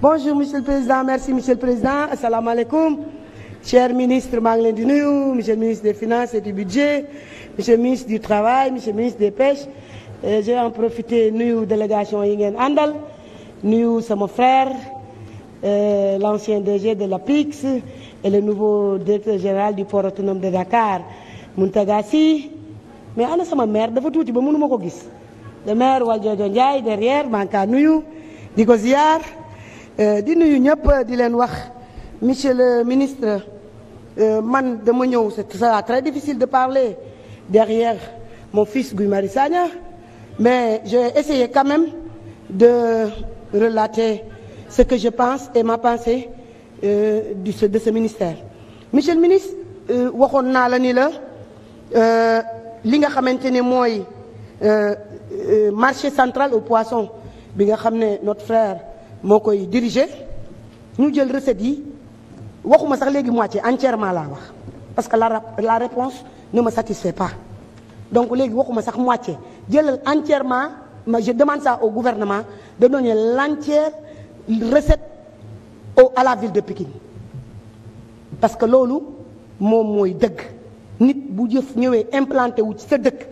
bonjour monsieur le président merci monsieur le président asalaamaaleykum cher ministre maa ngi leen di nuyu monsieur le ministre des finances et du budget monsieur le ministre du travail monsieur le ministre des pêches et euh, j'ai en profité nuyu délégation yi ngeen àndal nuyu sama frère euh, l'ancien DG de l'APIX et le nouveau directeur général du port autonome de Dakar Mountaga Sy mais ana sama maire dafa tuuti ba mënuma ko gis le maire Valdiodio Ndiaye derrière maa ngi kaa nuyu di ko euh, di nuyu ñëpp di leen wax monsieur le ministre euh, man dama ñëw ce sera très difficile de parler derrière mon fils Guy Marius Sagna mais j'ai essayé quand de relater ce que je pense et ma pensée euh, de ce ministère monsieur le ministre euh, waxoon naa la ni la li nga xamante ne mooy Euh, marché central au poisson bi nga xam ne notre frère moo koy diriger ñu jël recette yi waxuma sax léegi moitié entièrement laa wax parce que la la réponse ne ma satisfait pas donc léegi waxuma sax moitié jëlal entièrement ma je demande ça au gouvernement de donner l'entière recette au à la ville de Pikine parce que loolu moom mooy dëgg nit bu jëf ñëwee implanté wu ci sa dëkk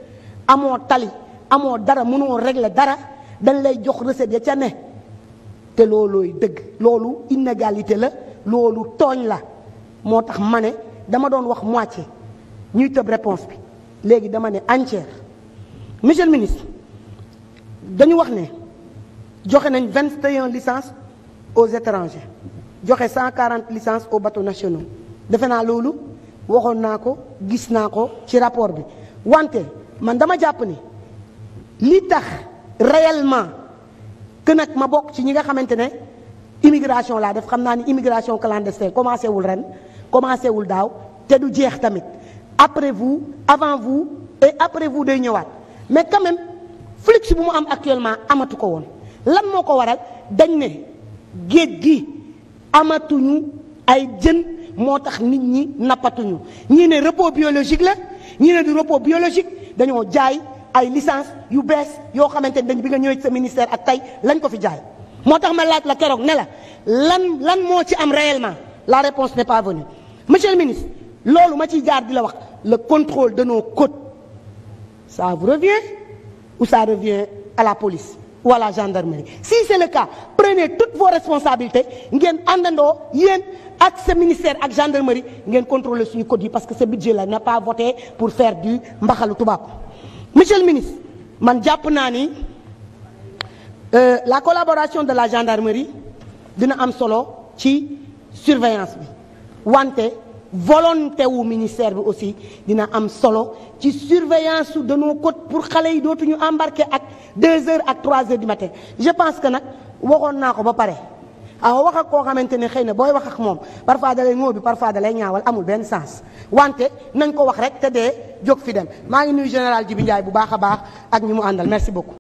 amoo tali amoo dara mënoo régler dara dañ lay jox recette ya ca ne te loolooy dëgg loolu inégalité la loolu tooñ la moo tax ma ne dama doon wax moitié ñuy tëb réponse bi léegi dama ne entière monsieur le ministre dañu wax ne joxe nañ vingt et un licences aux étrangers joxe cent quarante licences aux bateaux nationaux defe naa loolu waxoon naa ko gis naa ko ci rapport bi wante man dama jàpp ni li tax réellement que nag ma bokk ci ñi nga xamante ne immigration laa def xam naa ni immigration clandestine commencé wul ren commencé wul daaw te du jeex tamit après vous avant vous et après vous day ñëwaat mais quand même flux bu mu am actuellement amatu ko woon lan moo ko waral dañ ne géej gi amatuñu ay jën moo tax nit ñi nappatuñu ñii ne repos biologique la ñii ne du repos biologique dañoo jaay ay licence yu bees yoo xamante ne dañ bi nga ñëwee sa ministère ak tey lañ ko fi jaay moo tax ma laaj la keroog nela lan lan moo ci am réellement la réponse n'est pas venue monsieur le ministre loolu ma ciy jaar di la wax le contrôle de nos côtes ça vous revient ou ça revient à la police wala à la gendarmerie si c'est le cas prenez toutes vos responsabilités ngeen àndandoo yéen ak sa ministère ak gendarmerie ngeen contrôler suñu côtes yi parce que ce budget là n'a pas voté pour faire du mbaxalu tubaab monsieur le ministre man jàpp naa ni euh, la collaboration de la gendarmerie dina am solo ci surveillance bi wante volonté wu ministère bi aussi dina am solo ci surveillance de nos côtes pour xale yi dootuñu embarqué ak deux heures ak trois heures du matin je pense que nag waxoon naa ko ba pare a wax ak koo xamante ne xëy na booy wax ak moom parfois da lay ngóo bi parfois da lay ñaawal amul benn sens wante nañ ko wax rek te dee jóg fi dem maa ngi nuy général Jibi Ndiaye bu baax a baax ak ñi mu àndal merci beaucoup.